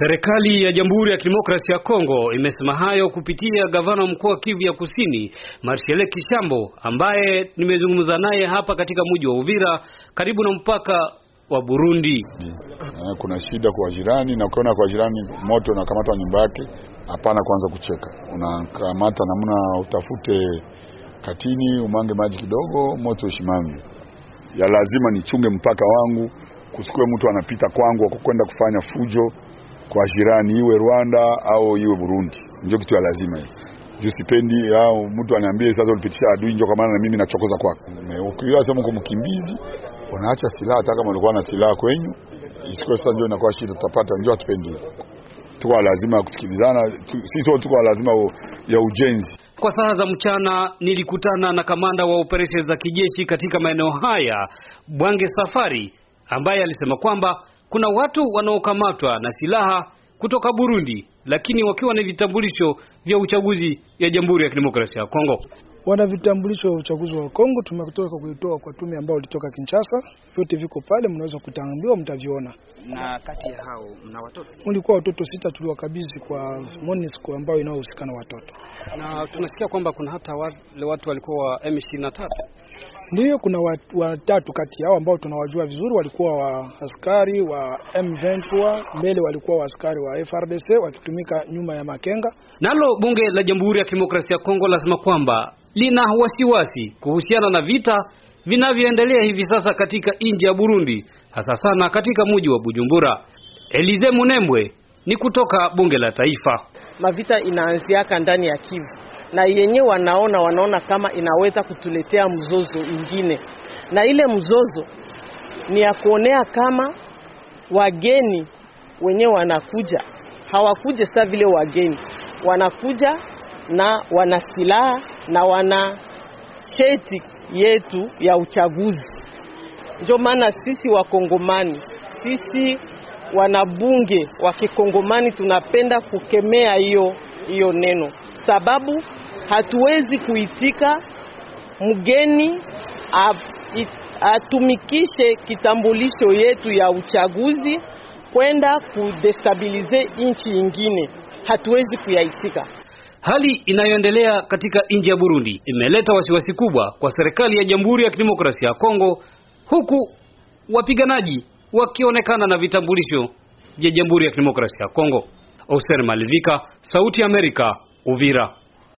Serikali ya Jamhuri ya Kidemokrasia ya Kongo imesema hayo kupitia gavana mkuu wa Kivu ya Kusini, Marshal Kishambo ambaye nimezungumza naye hapa katika mji wa Uvira karibu na mpaka wa Burundi. Eh, kuna shida kwa jirani, na ukiona kwa jirani moto unakamata nyumba yake, hapana kuanza kucheka, unakamata namna utafute katini umange maji kidogo, moto usimame. Ya lazima nichunge mpaka wangu, kusikue mtu anapita kwangu kwa kwenda kufanya fujo kwa jirani, iwe Rwanda au iwe Burundi, ndio kitu ya lazima hiyo. Juu sipendi au mtu aniambie sasa ulipitisha adui ndio kwa maana na mimi nachokoza kwako. Ukiwa sema uko mkimbizi, unaacha silaha, hata kama ulikuwa na silaha kwenyu, isiko sasa ndio inakuwa shida, tutapata ndio hatupendi. Tuko lazima kusikilizana, sisi tuko lazima ya ujenzi. Kwa saa za mchana nilikutana na kamanda wa operesheni za kijeshi katika maeneo haya Bwange Safari ambaye alisema kwamba kuna watu wanaokamatwa na silaha kutoka Burundi, lakini wakiwa na vitambulisho vya uchaguzi ya Jamhuri ya Kidemokrasia ya Kongo. Wana vitambulisho vya uchaguzi wa Kongo, tumetoka kuitoa kwa tume ambayo ulitoka Kinshasa. Vyote viko pale, mnaweza kutambiwa, mtaviona. Na kati ya hao mna watoto? Ulikuwa watoto sita tuliwakabidhi kwa MONUSCO ambayo inayohusika na watoto, na tunasikia kwamba kuna hata wale watu walikuwa M23 Ndiyo, kuna watatu kati yao ambao tunawajua vizuri, walikuwa wa askari wa M23, mbele walikuwa wa askari wa FRDC wakitumika nyuma ya Makenga. Nalo bunge la Jamhuri ya Kidemokrasia ya Kongo lasema kwamba lina wasiwasi kuhusiana na vita vinavyoendelea hivi sasa katika nchi ya Burundi, hasa sana katika mji wa Bujumbura. Elize Munembwe ni kutoka bunge la taifa. Mavita inaanziaka ndani ya Kivu na yenye wanaona wanaona kama inaweza kutuletea mzozo ingine, na ile mzozo ni ya kuonea kama wageni wenye wanakuja hawakuja sa vile wageni, wanakuja na wana silaha na wana cheti yetu ya uchaguzi. Ndio maana sisi Wakongomani, sisi wanabunge wa Kikongomani tunapenda kukemea hiyo hiyo neno, sababu hatuwezi kuitika mgeni atumikishe kitambulisho yetu ya uchaguzi kwenda kudestabilize nchi nyingine, hatuwezi kuyaitika. Hali inayoendelea katika nchi ya Burundi imeleta wasiwasi kubwa kwa serikali ya Jamhuri ya Kidemokrasia ya Kongo, huku wapiganaji wakionekana na vitambulisho vya Jamhuri ya Kidemokrasia ya Kongo. Oser Malivika, Sauti ya Amerika, Uvira.